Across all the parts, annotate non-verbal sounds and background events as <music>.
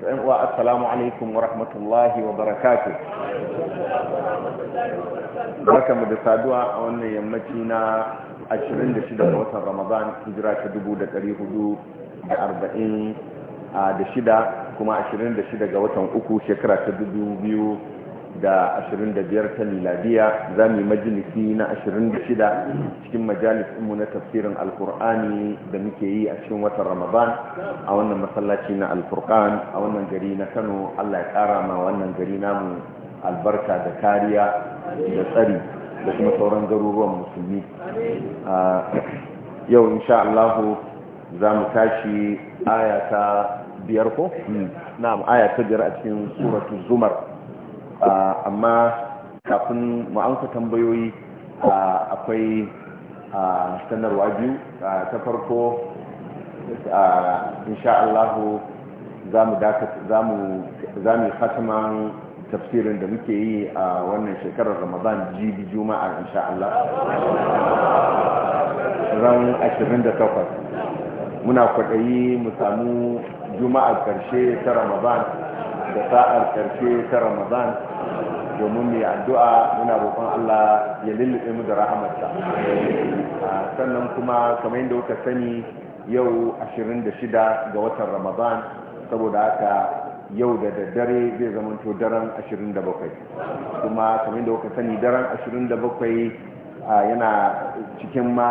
wa assalamu alaikum wa rahmatullahi wa barakatu mu da saduwa a wannan yammaci na 26 ga watan ramadan hijira ta 1446 kuma 26 ga watan uku shekara ta 2000 da 25 ta miladiya za mu yi majalisi na 26 cikin majalisinmu na tafsirin alkur'ani da muke yi a cikin watan ramadan a wannan masallaci na alkur'an a wannan gari na kano allah ya kara ma wannan gari namu albarka da kariya da tsari da kuma sauran garuruwan musulmi yau insha allahu za mu tashi aya ta biyar ko? Hmm. na'am aya ta biyar a cikin suratun zumar amma kafin mu amsa tambayoyi akwai sanarwa biyu ta farko insha Allahu za mu yi hatiman tafsirin da muke yi a wannan shekarar ramadan jibi juma'a insha Allah ran 28 muna kwaɗayi mu samu juma'a ƙarshe ta ramadan da sa'ar karshe ta ramadan domin mai addu'a muna roƙon Allah ya lullube mu da rahamarsa sannan kuma kamar yadda kuka sani yau 26 ga watan ramadan saboda haka yau da daddare zai zamanto daren 27 kuma kamar yadda kuka sani daren 27 yana cikin ma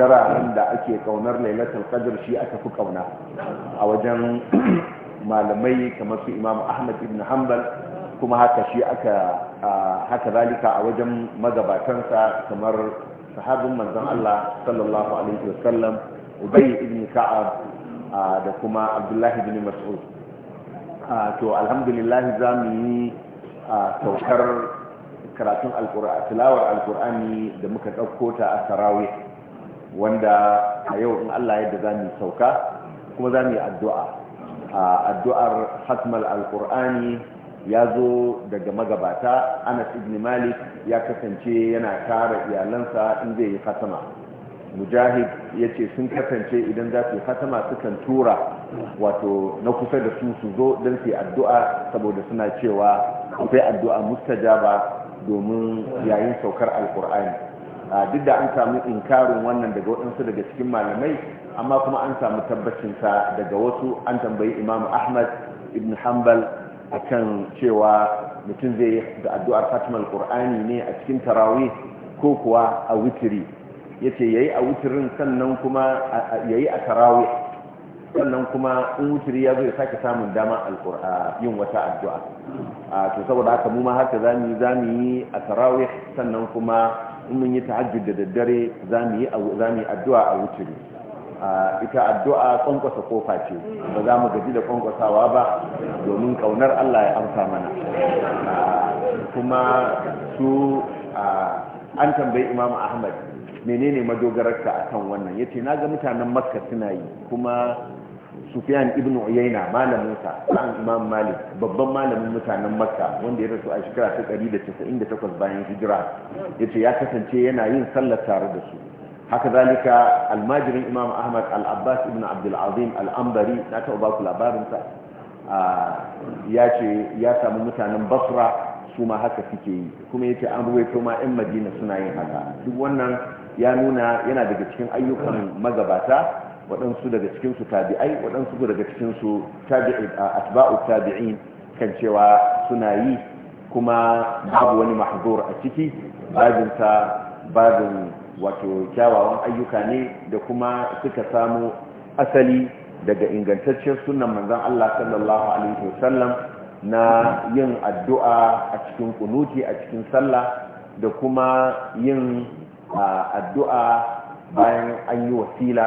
dararen da ake kaunar lailatul qadr shi aka fi kauna a wajen malamai kamar su imam ahmad ibn hanbal kuma haka shi aka haka zalika a wajen magabatansa kamar sahabin manzon Allah sallallahu alaihi wasallam ubay ibn ka'ab da kuma abdullahi ibn mas'ud to alhamdulillah za mu yi saukar karatun alkur'ani tilawar alqur'ani da muka ɗauko ta a sarawe wanda a yau in Allah yadda za mu sauka kuma za mu yi addu'a a addu'ar hatmal alkur'ani ya zo daga magabata anas ibn malik ya kasance yana tara iyalansa in zai yi hatama mujahid ya ce sun kasance idan za su yi hatama sukan tura wato na kusa da su su zo don su yi addu'a saboda suna cewa akwai addu'a mustajaba domin yayin saukar alkur'ani duk da an samu inkarin wannan daga waɗansu daga cikin malamai amma kuma an samu tabbacinsa daga wasu an tambayi imamu ahmad ibn hanbal akan cewa mutum zai da addu'ar fatimar qur'ani ne a cikin tarawi ko kuwa a witiri ya ce ya a witirin sannan kuma ya a tarawi sannan kuma in wuturi ya zo ya sake samun dama yin wata addu'a to saboda haka mu ma haka za yi zamu yi a tarawi sannan kuma in mun yi tahajjud da daddare za mu yi addu'a a wuturi. ita addu'a kwankwasa kofa ce ba za mu gaji da kwankwasawa ba domin kaunar Allah ya amsa mana kuma su an tambayi imamu ahmad menene madogararka a kan wannan yace ce na ga mutanen makka suna yi kuma sufiyan ibn uyaina sa ɗan imam malik babban malamin mutanen makka wanda ya rasu a shekara ta 198 bayan hijira yace ya kasance yana yin sallar tare da su haka zalika almajirin imam ahmad al-abbas ibn abdulazim al-ambari na taɓa ba ku sa ya ce ya samu mutanen basra su ma haka suke yi kuma yace an ruwaito ma 'yan madina suna yin haka duk wannan ya nuna yana daga cikin ayyukan magabata waɗansu daga cikinsu tabi'ai waɗansu daga cikinsu atba'u tabi'in kan cewa suna yi kuma babu wani mahzur a ciki babinta babin wato kyawawan ayyuka ne da kuma suka samu asali daga ingantaccen sunan manzon Allah sallallahu alaihi wasallam na yin addu'a a cikin kunuti a cikin sallah da kuma yin addu'a bayan an yi wasila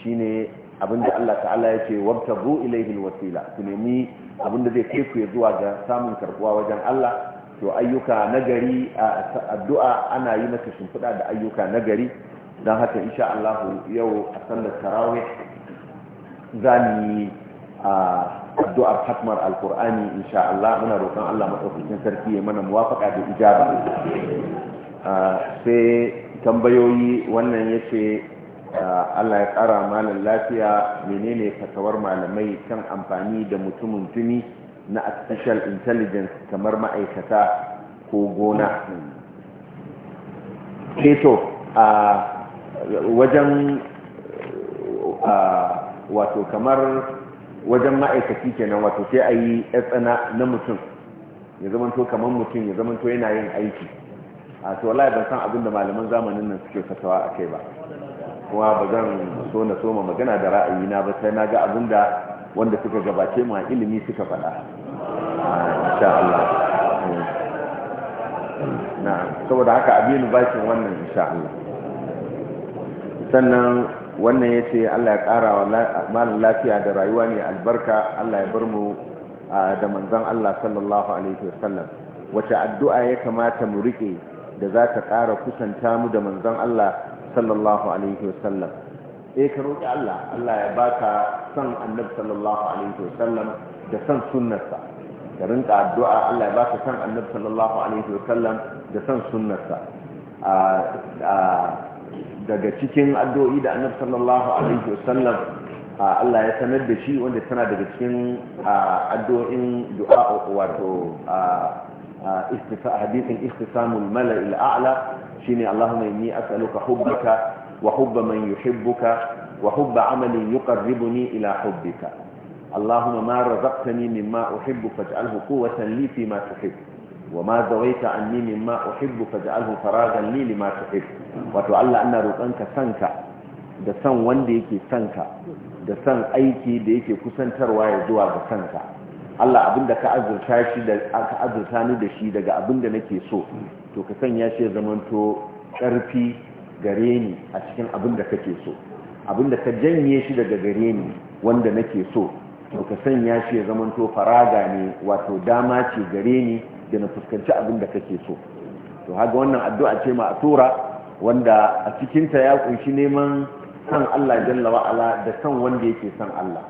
shine abinda Allah ta'ala ya ce wabtabu ilaihi alwasila ku nemi abinda zai kai ku zuwa ga samun karbuwa wajen Allah to ayyuka nagari a addu'a ana yi masa shimfiɗa da ayyuka nagari don haka insha Allah yau a sallar tarawih za mu yi addu'ar hatmar alkur'ani insha Allah muna roƙon Allah maɗaukakin sarki ya mana muwafaƙa da ijaba sai tambayoyi wannan ya ce Allah ya ƙara malam lafiya menene fatawar malamai kan amfani da mutumin tuni na artificial intelligence kamar ma'aikata ko gona keto eh a wajen wato kamar wajen ma'aikaci kenan wato sai a yi tsana na mutum ya zamanto kamar mutum ya zamanto yana yin aiki a to wallahi ban san abin malaman zamanin nan suke fatawa a kai ba kuma ba zan so na soma magana da ra'ayi na ba sai na ga abin da wanda suka gabace ma ilimi suka faɗa insha Allah na'am saboda haka abinu bakin wannan insha Allah sannan wannan ya ce Allah ya kara wa malin lafiya da rayuwa ne albarka Allah ya bar mu da manzan Allah sallallahu alaihi wasallam wace addu'a ya kamata mu rike da za ta kara kusanta mu da manzan Allah sallallahu alaihi wasallam eh ka roƙi Allah Allah ya baka san annabi sallallahu alaihi wasallam da san sunnarsa ka rinka addu'a Allah ya baka san Annabi sallallahu alaihi wa sallam da san sunnarsa daga cikin addu'o'i da Annabi sallallahu alaihi wa sallam Allah ya sanar da shi wanda tana daga cikin addu'o'in du'a wato istifa hadithin ikhtisamul mala'i al'a'la shine Allahumma inni as'aluka hubbaka wa hubba man yuhibbuka wa hubba amalin yuqarribuni ila hubbika اللهم ما رزقتني مما أحب فاجعله قوة لي فيما تحب وما زويت عني مما أحب فاجعله فراغا لي لما تحب وتعالى أن رزقك سنك da san wanda yake sanka da san aiki da yake kusantarwa ya zuwa ga sanka Allah abinda ka azurta shi da ka azurta ni da shi daga abinda nake so to ka sanya shi ya zamanto karfi gare ni a cikin abinda kake so abinda ka janye shi daga gare ni wanda nake so to ka sanya shi ya zamanto faraga ne wato dama ce gare ni da na fuskanci abin da kake so to haga wannan addu'a ce ma tura wanda a cikinta ya kunshi neman san Allah jalla wa'ala da san wanda yake san Allah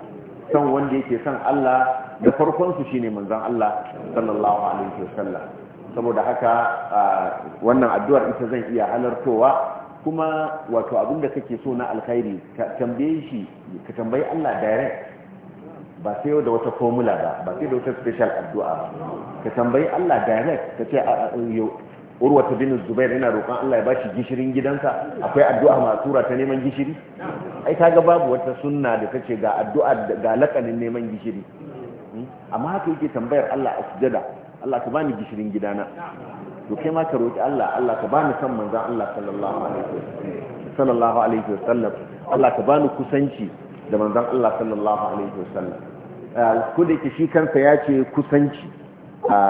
san wanda yake san Allah da farkon su shine manzon Allah sallallahu alaihi wasallam saboda haka wannan addu'ar ita zan iya halartowa kuma wato abin da kake so na alkhairi ka tambaye shi ka tambayi Allah direct ba sai da wata formula ba ba sai da wata special addu'a ba ka tambayi Allah direct ka ce urwa ta bin zubair yana roƙon Allah ya ba shi gishirin gidansa akwai addu'a ma tura ta neman gishiri ai kaga babu wata sunna da kace ga addu'a ga lakanin neman gishiri hmm? amma haka yake tambayar Allah a sujada Allah ka bani gishirin gidana to kai ma ka roki Allah Allah ka bani san manzon Allah sallallahu alaihi wasallam sallallahu alaihi wasallam Allah ka bani kusanci da manzan Allah sallallahu alaihi wasallam ko da ke shi kansa ya ce kusanci a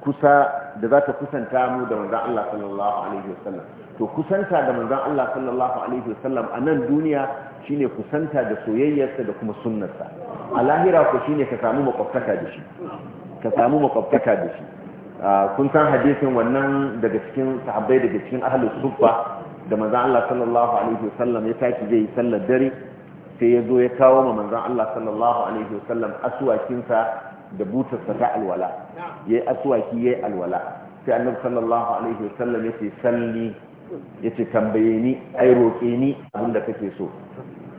kusa da za ta kusanta mu da manzan Allah sallallahu alaihi wasallam to kusanta da manzan Allah sallallahu alaihi wasallam a nan duniya shi ne kusanta da soyayyarsa da kuma sunnarsa a lahira ko shi ka da shi ka samu makwabtaka da shi kun san hadisin wannan daga cikin sahabbai daga cikin ahalus da manzan Allah sallallahu alaihi wasallam ya tashi zai sallar dare sai ya zo ya kawo ma Manzan Allah sallallahu alaihi wasallam asuwakinsa da butarsa ta alwala yayi asuwaki yayi alwala sai annabi sallallahu alaihi wasallam yace salli yace tambaye ni ai roƙe ni abinda kake so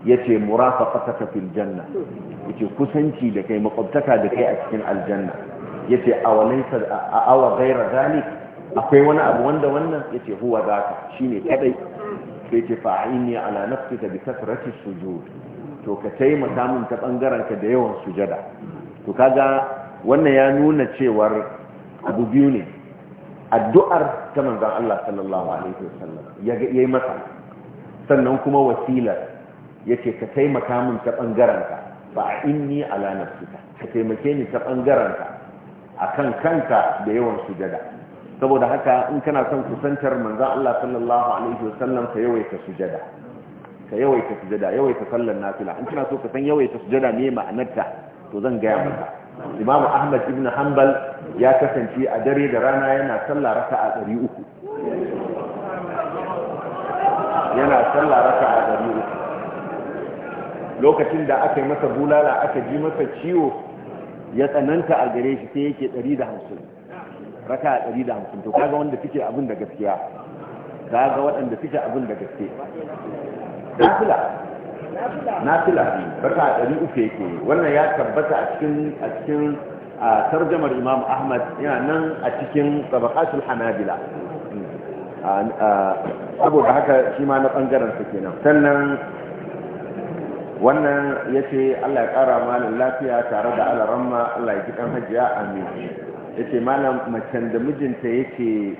yace murafaqataka fil janna ce, kusanci da kai makwabtaka da kai a cikin aljanna yace a awa ghayra zalik akwai wani abu wanda wannan yace huwa zaka shine kadai sai ce fa'ini ala nafsika bi kasrati sujud to ka taimaka min ta bangaren ka da yawan sujada to kaga wannan ya nuna cewar abu biyu ne addu'ar ta manzon Allah sallallahu alaihi wasallam ya yi masa sannan kuma wasila yace ka taimaka min ta bangaren ka fa'ini ala nafsika ka taimake ni ta bangaren ka akan kanka da yawan sujada saboda haka in kana son kusantar manzan Allah sallallahu alaihi wasallam ka yawaita sujada ka yawaita sujada yawaita sallar nafila in kana so ka san yawaita sujada me ma'anarta to zan gaya maka Imam Ahmad ibn Hanbal ya kasance a dare da rana yana sallah a 300 yana sallah raka'a 300 lokacin da aka yi masa bulala aka ji masa ciwo ya tsananta a gare shi sai yake 150 raka a ɗari da hamsin to kaga wanda suke abin da gaskiya kaga waɗanda suke abin da gaske nafila nafila raka uku yake wannan ya tabbata a cikin a cikin a tarjamar imam ahmad yana nan a cikin tabaqatul hanabila saboda haka shi ma na ɓangaren su kenan sannan wannan ya ce allah ya ƙara malin lafiya tare da alaramma allah ya ji ɗan hajiya amin yace malam macen da mijinta yake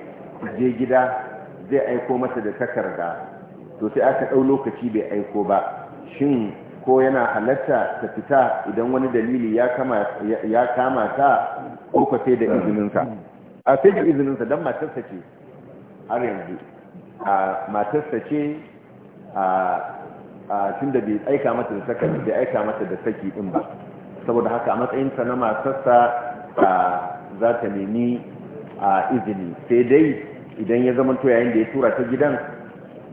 je gida zai aiko masa da takarda to sai aka dau lokaci bai aiko ba shin ko yana halatta ta fita idan wani dalili ya kama ta ko ka sai da izininsa a sai da dan don ka ce har yanzu a ce a tun da bai aika mata da saki bai aika mata da saki din ba saboda haka a matsayin ta na matar matarsa za ta nemi a izini sai dai idan ya zama to yayin da ya tura ta gidan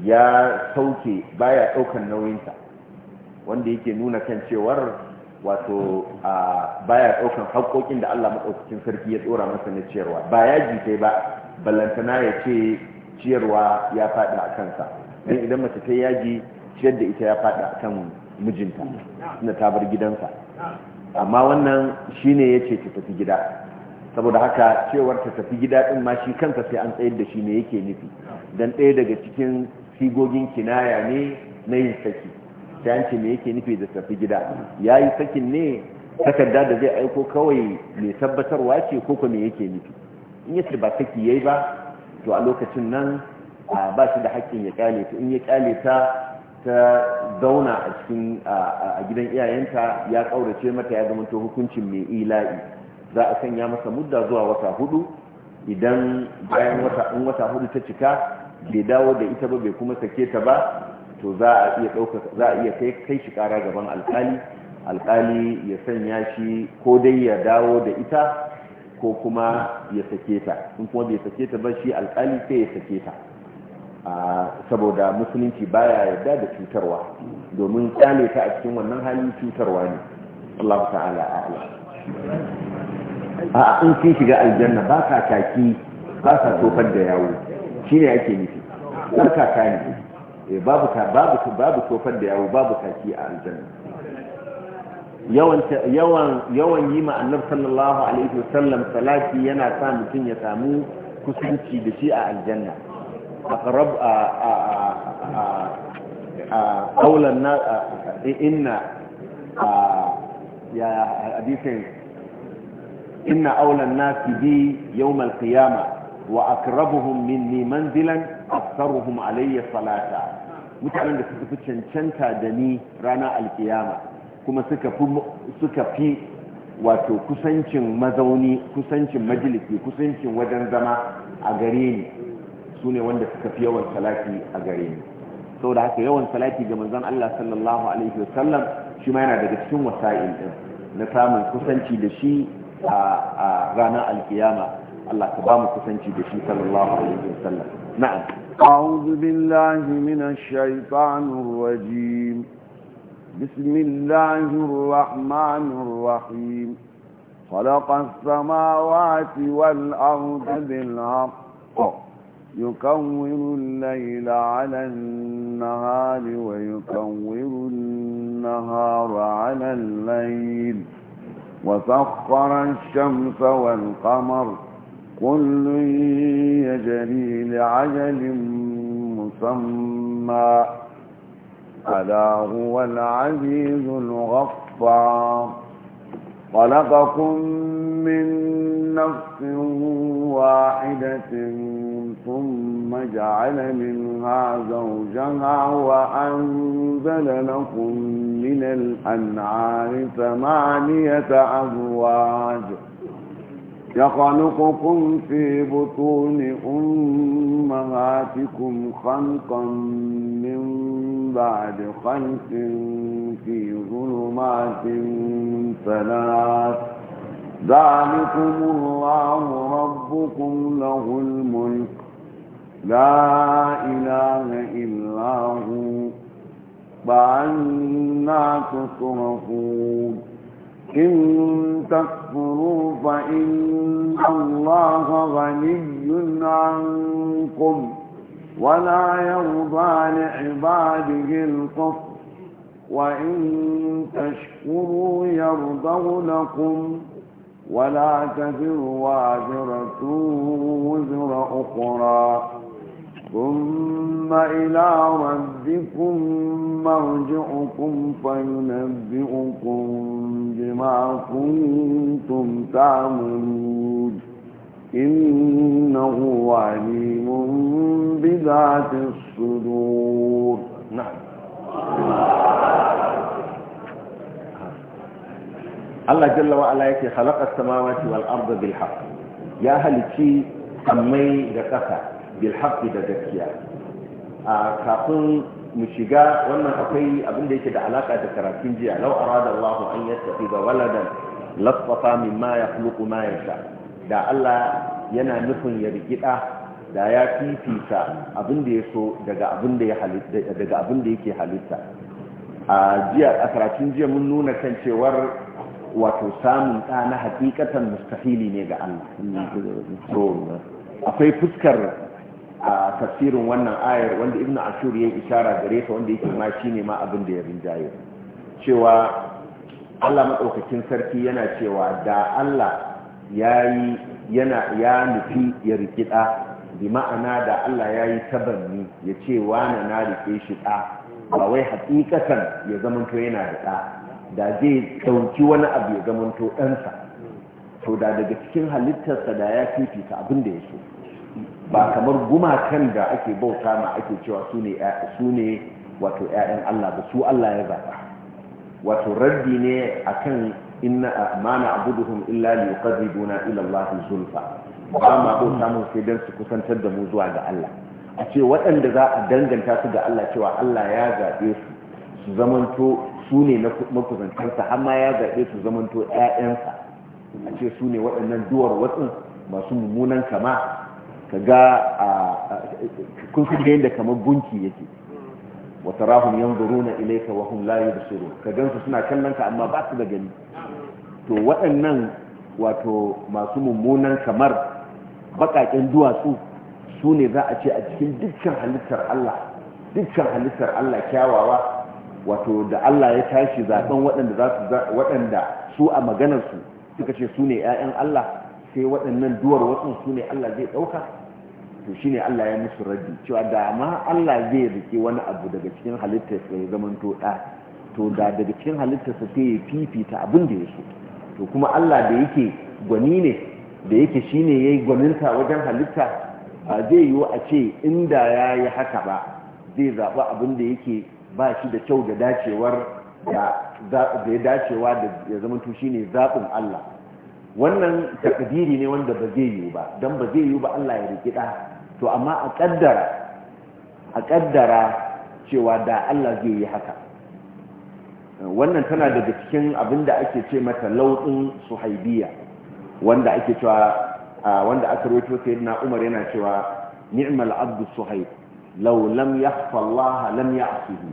ya sauke baya ɗaukan nauyinta wanda yake nuna kan cewar wato a baya ɗaukan haƙoƙin da Allah madaukakin sarki ya tsora masa na ciyarwa ba ya jite ba balantana ya ce ciyarwa ya faɗi a kansa dan idan mace ta yaji ciyar da ita ya faɗi a kan mijinta na tabar gidansa amma wannan shine ya ce ta tafi gida saboda haka cewar ta tafi gida ɗin ma shi kansa sai an tsayar da shi ne yake nufi dan ɗaya daga cikin sigogin kinaya ne na yin saki sai an ce me yake nufi da tafi gida ya yi sakin ne takarda da zai aiko kawai mai tabbatarwa ce ko kuma yake nufi in ya ba saki yayi ba to a lokacin nan ba shi da haƙƙin ya kyale ta in ya kyale ta ta zauna a cikin a gidan iyayenta ya ƙaurace mata ya zama to hukuncin mai ila'i za a sanya masa mudda zuwa wata hudu idan bayan wata in wata hudu ta cika bai dawo da ita ba bai kuma sake ta ba to za a iya dauka za a iya kai kai shi kara gaban alkali alkali ya sanya shi ko dai ya dawo da ita ko kuma ya sake ta in kuma bai sake ta ba shi alkali sai ya sake ta saboda musulunci baya yarda da cutarwa domin tsale ta a cikin wannan hali cutarwa ne Allah ta'ala a'ala a in kin shiga aljanna ba ka kaki ba ka tofar da yawo shi ne ake nufi ba ka kani eh, babu babu babu tofar da yawo babu kaki a aljanna yawan yawan yawan yi ma annabi sallallahu alaihi wasallam salati yana sa mutum ya samu kusanci da shi a aljanna aqrab a a a a qawlan na inna ya hadisin إن أولى الناس بي يوم القيامة وأقربهم مني منزلا أكثرهم علي صلاة mutanen da suka fi cancanta da ni rana alkiyama kuma suka fi wato kusancin mazauni kusancin majalisi kusancin wajen zama a gare ni su ne wanda suka fi yawan salati a gare ni saboda haka yawan salati ga manzon Allah sallallahu alaihi wasallam shi ma yana daga cikin wasa'il din na samun kusanci da shi a القيامة alkiyama Allah ka ba mu kusanci da shi sallallahu alaihi wasallam na'am أعوذ بالله من الشيطان الرجيم بسم الله الرحمن الرحيم خلق السماوات والأرض بالحق يكور الليل على النهار ويكور النهار على الليل وسخر الشمس والقمر كل يجري لعجل مسمى ألا هو العزيز الغفار خلقكم من نفس واحدة ثم جعل منها زوجها وأنزل لكم من الأنعام ثمانية أزواج يخلقكم في بطون أمهاتكم خلقا من بعد خلق في ظلمات ثلاث ذلكم الله ربكم له الملك لا إله إلا هو فعنا تصرفون إن تكفروا فإن الله غني عنكم ولا يرضى لعباده الكفر وإن تشكروا يرضوا لكم ولا تزر واجرة وزر أخرى ثم إلى ربكم مرجعكم فينبئكم بما كنتم تعملون إنه عليم بذات الصدور نعم الله جل وعلا يكي خلق السماوات والأرض بالحق يا هل تي سمي لقفة bil haqqi da gaskiya a kafin mu shiga wannan akwai abin da yake da alaka da karatun jiya law arada Allah an ga waladan lastafa mimma min ma ya yasha da Allah yana nufin ya rikida da ya fifita abin da ya so daga abin da ya halitta yake halitta a jiya a karatun jiya mun nuna kan cewar wato samun ɗa na hakikatan mustahili ne ga Allah akwai fuskar a tafsirin wannan ayar wanda ibnu ashur ya isara gare ta wanda yake ma shine ma abin da ya rinjaye cewa Allah madaukakin sarki yana cewa da Allah yayi yana ya nufi ya rikida bi ma'ana da Allah yayi tabanni ya ce wani na rike shi da ba wai hakikatan ya zamanto yana da da da zai dauki wani abu ya zamanto ɗansa to da daga cikin halittarsa da ya fifita abin da ya so ba kamar gumakan da ake bauta ma ake cewa su ne wato 'ya'yan Allah ba su Allah ya zaɓa wato raddi ne a kan inna ma na'buduhum illa liqadribuna buna Allah zulfa ba ma bauta mu sai don su kusantar da mu zuwa ga Allah a ce waɗanda za a danganta su ga Allah cewa Allah ya zaɓe su su zamanto su ne na makusantarsa har ma ya zaɓe su zamanto ƴaƴansa a ce su ne waɗannan duwar watsin masu mummunan kama ka ga kun fi da kamar gunki yake wa tarahum yanzuruna ilayka wa layu da shiru ka gansu suna kallon ka amma ba su da gani to waɗannan wato masu mummunan kamar baƙaƙen duwatsu su ne za a ce a cikin dukkan halittar Allah dukkan halittar Allah kyawawa wato da Allah ya tashi zaben waɗanda za su waɗanda su a maganarsu suka ce su ne 'ya'yan Allah sai waɗannan duwar wasu su ne Allah zai ɗauka to shine Allah ya musu raddi cewa da ma Allah zai rike wani abu daga cikin halittarsa ya zama to da to da daga cikin halittarsa sai ya fifita abin da ya so to kuma Allah da yake gwani ne da yake shine yayi gwaninta wajen halitta a zai yiwu a ce inda ya yi haka ba zai zaɓi abin da yake ba shi da kyau da dacewar da ya dacewa da ya zama to shine zaɓin Allah wannan takdiri ne wanda ba zai yiwu ba don ba zai yiwu ba Allah ya rikida to amma a ƙaddara a cewa da Allah zai yi haka wannan tana daga cikin abinda ake ce mata lauɗin suhaibiya wanda ake cewa wanda aka rawaito na Umar yana cewa ni'mal abdu suhaib law lam yakhfa Allah lam ya'sihi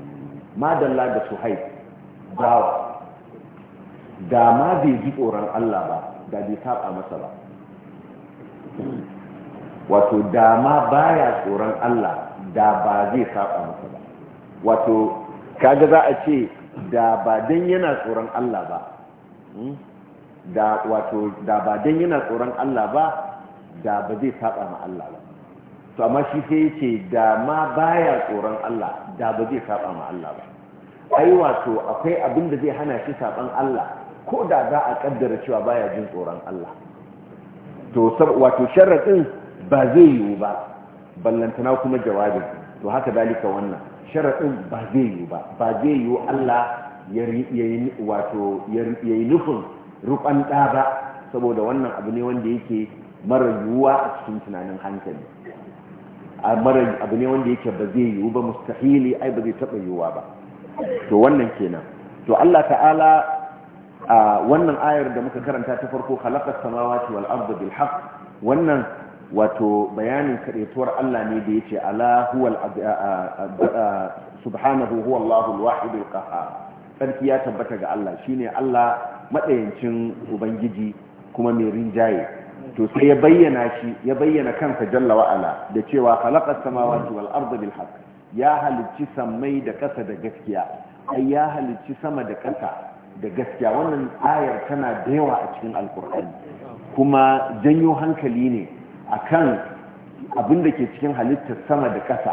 ma dalla da suhaib bawa da ma bai ji tsoron Allah ba da bai saba masa ba wato da ma baya tsoron Allah da ba zai saba masa ba wato kaga za a ce da ba dan yana tsoron Allah ba hmm? da wato da ba dan yana tsoron Allah ba da ba zai saba ma Allah ba to amma shi sai yace da ma baya tsoron Allah da ba zai saba ma Allah ba ai wato akwai abin da zai hana shi saban Allah ko da za a kaddara cewa baya jin tsoron Allah to wato sharadin ba zai yiwu ba ballantana kuma jawabin to haka dalika wannan sharaɗin ba zai yiwu ba ba zai yiwu Allah ya yi nufin rukon ɗa ba saboda wannan abu ne wanda yake mara yiwuwa a cikin tunanin hankali abu ne wanda yake ba zai yiwu ba mustahili ai ba zai taɓa yiwuwa ba to wannan kenan to Allah ta'ala a wannan ayar da muka karanta ta farko halakar samawa wal ardu bil haqq wannan wato bayanin kadaituwar Allah ne da yace ala huwal subhanahu huwa Allahul wahidul qahhar sarki ya tabbata ga Allah shine Allah madayancin ubangiji kuma mai rinjaye to sai ya bayyana shi ya bayyana kansa jalla wa ala da cewa khalaqa samawati wal arda bil haqq ya halicci samai da ƙasa da gaskiya ai ya halicci sama da ƙasa da gaskiya wannan ayar tana da yawa a cikin alkur'ani kuma janyo hankali ne akan abin da ke cikin halittar sama da ƙasa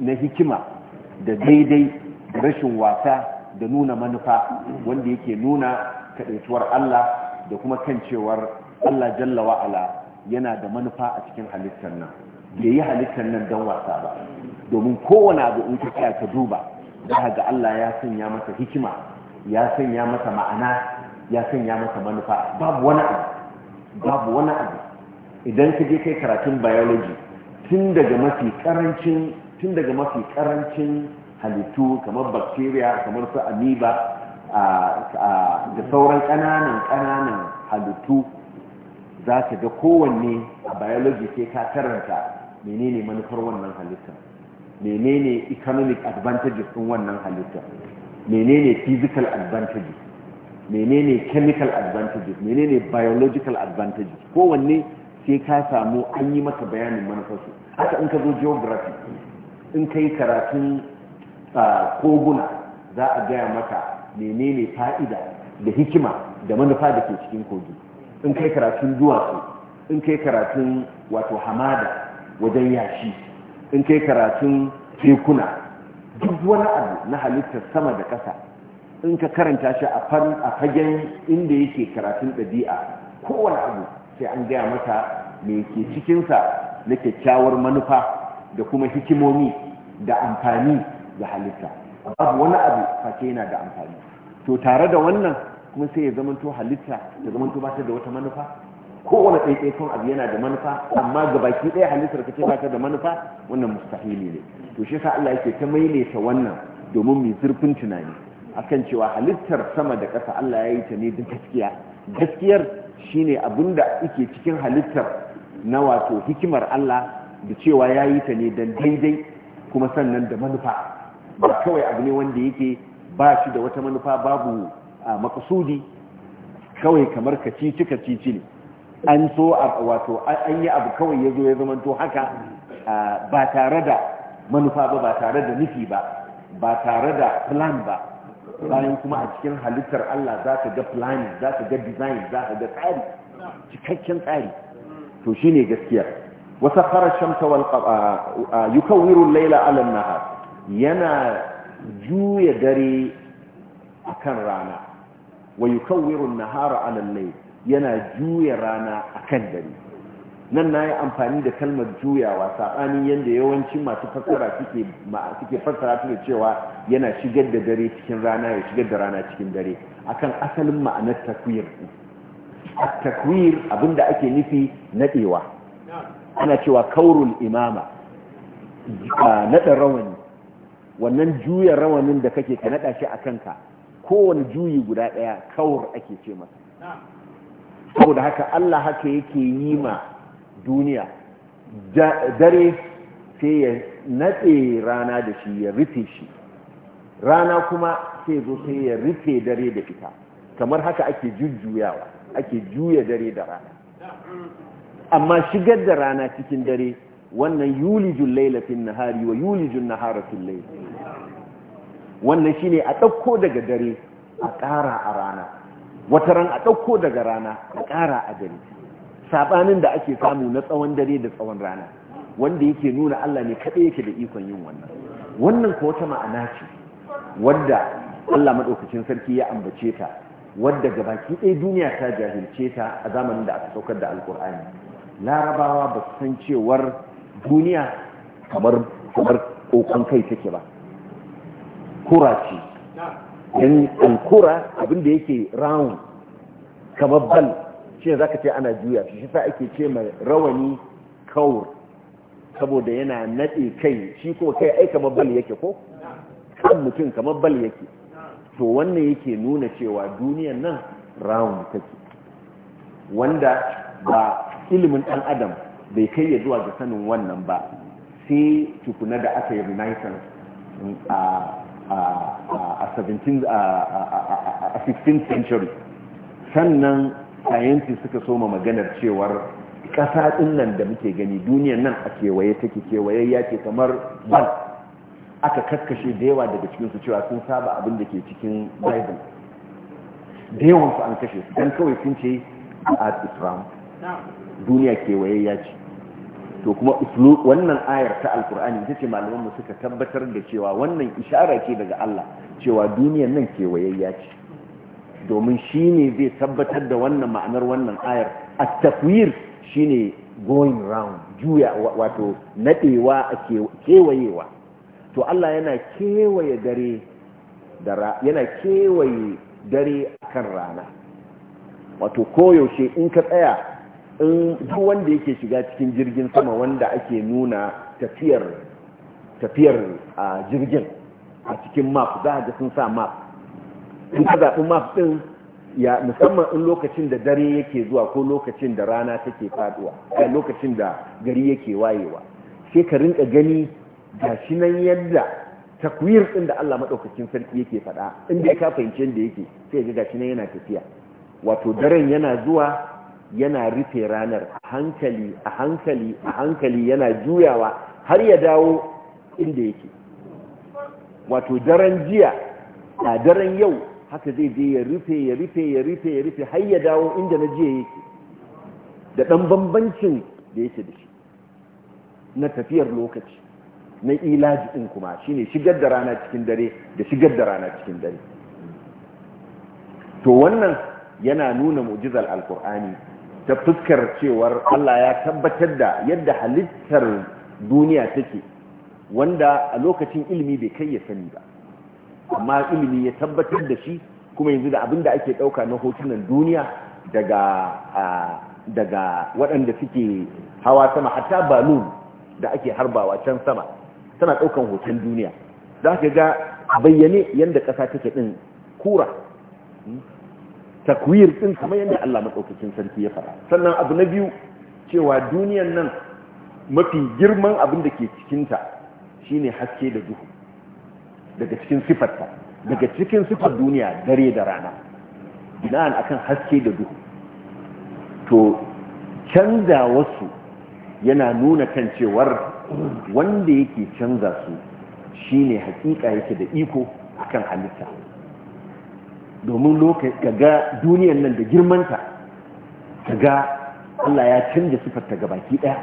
na hikima da daidai rashin wasa da nuna manufa wanda yake nuna kaɗaituwar Allah da kuma kan cewar Allah jalla wa'ala yana da manufa a cikin halittar nan bai yi halittar nan don wasa ba domin kowane abu in ka ka duba za ga Allah ya sanya masa hikima ya sanya masa ma'ana ya sanya masa manufa babu wani abu idan ka je kai karatun biology tun daga mafi karancin tun daga mafi karancin halittu kamar bacteria kamar su amoeba da sauran ƙananan ƙananan halittu za ka ga kowanne a biology sai ka karanta menene manufar wannan halittar menene economic advantages ɗin wannan halittar menene physical advantages menene chemical advantages menene biological advantages kowanne sai ka samu an yi maka bayanin manufarsu haka in ka zo geography in ka yi karatun koguna za a gaya maka menene fa'ida da hikima da manufa da ke cikin kogi in ka yi karatun duwatsu in ka karatun wato hamada wajen yashi in ka karatun tekuna duk wani abu na halittar sama da ƙasa in ka karanta shi a fagen inda yake karatun ɗabi'a kowane abu sai an gaya mata me ke cikinsa na kyakkyawar manufa da kuma hikimomi da amfani ga halitta babu wani abu face yana da amfani to tare da wannan kuma sai ya zamanto halitta ta zamanto ba ta da wata manufa Ko kowane ɗaiɗaikon abu yana da manufa amma ga baki ɗaya halittar ka ce ba ta da manufa wannan mustahili ne to shi sa Allah yake ta maimaita wannan domin mai zurfin tunani akan cewa halittar sama da ƙasa Allah ya yi ta ne duk gaskiya gaskiyar shine abinda yake cikin halittar na wato hikimar Allah da cewa ya yi ta ne don daidai kuma sannan da manufa ba kawai abu ne wanda yake ba shi da wata manufa babu a ah, makasudi kawai kamar kacici kacici ne an so wato an yi abu kawai ya zo ya zamanto haka ah, ba tare da manufa ba ba tare da nufi ba ba tare da plan ba bayan kuma a cikin halittar Allah za ka ga planning za ka ga design za ka ga tsari cikakken tsari to shine gaskiya wa sakhara a shamsa wal qamara yukawwiru al-layla yana juya dare akan rana wa yi an-nahara 'ala al-layl yana juya rana akan dare nan na yi amfani da kalmar juyawa sabanin yadda yawanci masu fasara suke suke cewa yana shigar da dare cikin rana ya shigar da rana cikin dare akan asalin ma'anar takwir din takwir abinda ake nufi nadewa ana cewa kaurul imama nada rawani wannan juya rawanin da kake ka nada shi a kanka kowane juyi guda daya kaur ake ce masa saboda haka Allah haka yake yi ma duniya dare sai ya natse rana da shi ya rufe shi rana kuma sai zo sai ya rufe dare da ita kamar haka ake jujjuyawa ake juya dare da rana amma shigar da rana cikin dare wannan yuli laila na nahari wa yulijun na fil layl wannan shine a dauko daga dare a ƙara a rana wata ran a dauko daga rana a ƙara a dare saɓanin da ake samu na tsawon dare da tsawon rana wanda yake nuna Allah ne kaɗai yake da ikon yin wannan wannan ko wata ma'ana ce wadda Allah maɗaukacin sarki ya ambace ta wadda gabaki ɗaya duniya ta jahilce ta a zamanin da aka saukar da alkur'ani larabawa ba su san cewar duniya kamar kamar kokon kai take ba kura ce yan abin abinda yake round kamar bal shi za ce ana juya shi sa ake ce mai rawani kawur saboda yana naɗe kai shi ko kai ai kamar bal yake ko kan mutum kamar bal yake to wannan yake nuna cewa duniyan nan round take wanda ba ilimin ɗan adam bai kai ya zuwa ga sanin wannan ba sai tukuna da aka yi renaissance mm, a 15th century sannan sayansi suka soma maganar cewar ƙasa ɗinnan nan da muke gani duniyan nan a kewaye take kewaye yake kamar bal aka kaskashe da yawa daga cikinsu cewa sun saba abin da ke cikin bible da yawansu an kashe su don kawai sun ce a islam duniya kewaye ya ce to kuma wannan ayar ta alkur'ani ita ce malaman mu suka tabbatar da cewa wannan ishara ce daga allah cewa duniya nan kewaye ya ce domin shi ne zai tabbatar da wannan ma'anar wannan ayar a tafwir shi ne going round juya wato nadewa a kewayewa to Allah yana kewaye dare yana kewaye dare akan rana wato koyaushe in ka tsaya in duk wanda yake shiga cikin jirgin sama wanda ake nuna tafiyar tafiyar a jirgin a cikin map za ga sun sa map in ka zaɓi map ɗin ya musamman in lokacin da dare yake zuwa ko lokacin da rana take faduwa lokacin da gari yake wayewa sai ka rinka gani ga shi nan yadda takwir ɗin da Allah maɗaukacin sarki yake faɗa inda ya ka fahimci yadda yake sai ga shi nan yana tafiya wato daren yana zuwa yana rufe ranar a hankali a hankali a hankali yana juyawa har ya dawo inda yake wato daren jiya a daren yau haka zai je ya rufe ya rufe ya rufe ya rufe har ya dawo inda na jiya yake da ɗan bambancin da yake da shi na tafiyar lokaci na ilaji din kuma shine shigar da rana cikin dare da shigar da rana cikin dare to wannan yana nuna mu'jizar alkur'ani ta fuskar cewar Allah ya tabbatar da yadda halittar duniya take wanda a lokacin ilimi bai kai ya sani ba amma ilimi ya tabbatar da shi kuma yanzu da abin da ake ɗauka na hotunan duniya daga daga waɗanda suke hawa sama hatta balun da ake harbawa can sama tana ɗaukan hoton duniya za ka ga bayyane yadda ƙasa take ɗin kura takwir ɗin kamar yadda Allah maɗaukacin sarki ya fara sannan abu na biyu cewa duniyan nan mafi girman abin da ke cikinta shi ne haske da duhu daga cikin sifarta daga cikin sifar duniya dare da rana bina'an akan haske da duhu to canza wasu yana nuna kan cewar wanda yake canza su shine hakika yake da iko kan halitta domin ka ga duniyar nan da girmanta ga Allah ya canza sifarta ga baki ɗaya.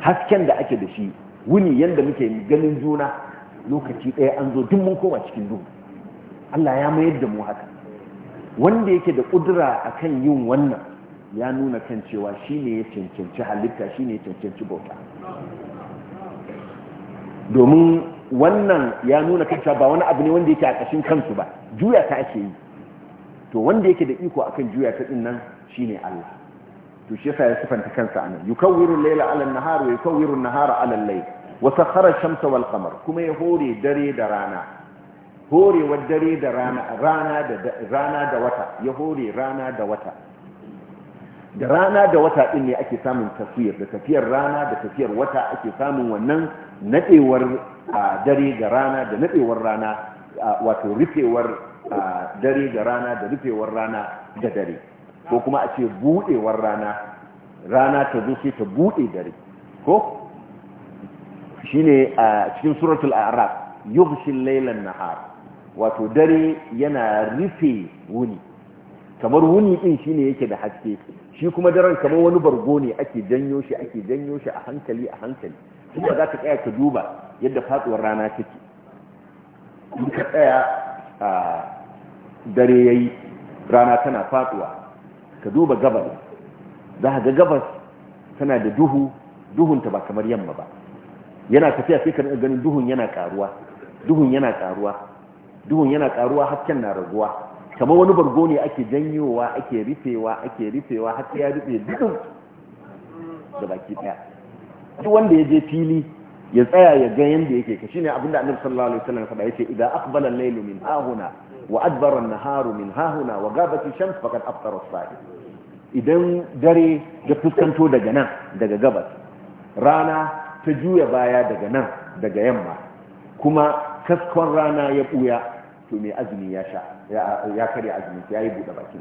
hasken da ake da shi wuni yadda muke ganin juna lokaci ɗaya an zo duk mun koma cikin duhu Allah ya mayar da mu haka wanda yake da kudura akan yin wannan ya nuna kan cewa shi ne ya cancanci halitta shine ya cancanci bauta domin wannan ya nuna kanta ba wani abu ne wanda yake a ƙashin kansu ba juya ta ake yi to wanda yake da iko akan juya ta din nan shine Allah to shi yasa ya sifanta kansa anan yukawwiru al-layla 'ala an-nahar wa yukawwiru an-nahara 'ala al-layl wa sakhkhara ash-shamsa wal-qamar kuma ya hore dare da rana horewar dare da rana rana da rana da wata ya hore rana da wata da rana da wata din ne ake samun tafiyar da tafiyar rana da tafiyar wata ake samun wannan Naɗewar dare ga rana da nadewar rana wato rufewar dare ga rana da rufewar rana da dare ko kuma a ce budewar rana rana ta zo sai ta bude dare ko shine a cikin suratul a'raf yughshil laylan nahar wato dare yana rufe wuni kamar wuni din shine yake da haske shi kuma daren kamar wani bargo ne ake janyo shi ake janyo shi a hankali a hankali inda za ka tsaya ka duba yadda fatsuwar rana take in ka tsaya a dare ya yi rana tana fatsuwa ka duba gabas za ka ga gabas tana da duhu duhunta ba kamar yamma ba yana tafiya sai ka ganin duhun yana karuwa duhun yana karuwa duhun yana karuwa hasken na raguwa kamar wani bargo ne ake janyowa ake rufewa ake rufewa har ya rufe duhun da baki daya duk wanda ya je fili ya tsaya ya ga yanda yake ka shine abinda annabi sallallahu alaihi wasallam faɗa yace idan aqbala al-laylu min ahuna wa adbara an-naharu min hahuna wa gabati shams faqad aftara as idan dare ya fuskanto daga nan daga gabas rana ta juya baya daga nan daga yamma kuma kaskon rana ya buya to mai azumi ya sha ya karya azumi ya yi buɗe bakin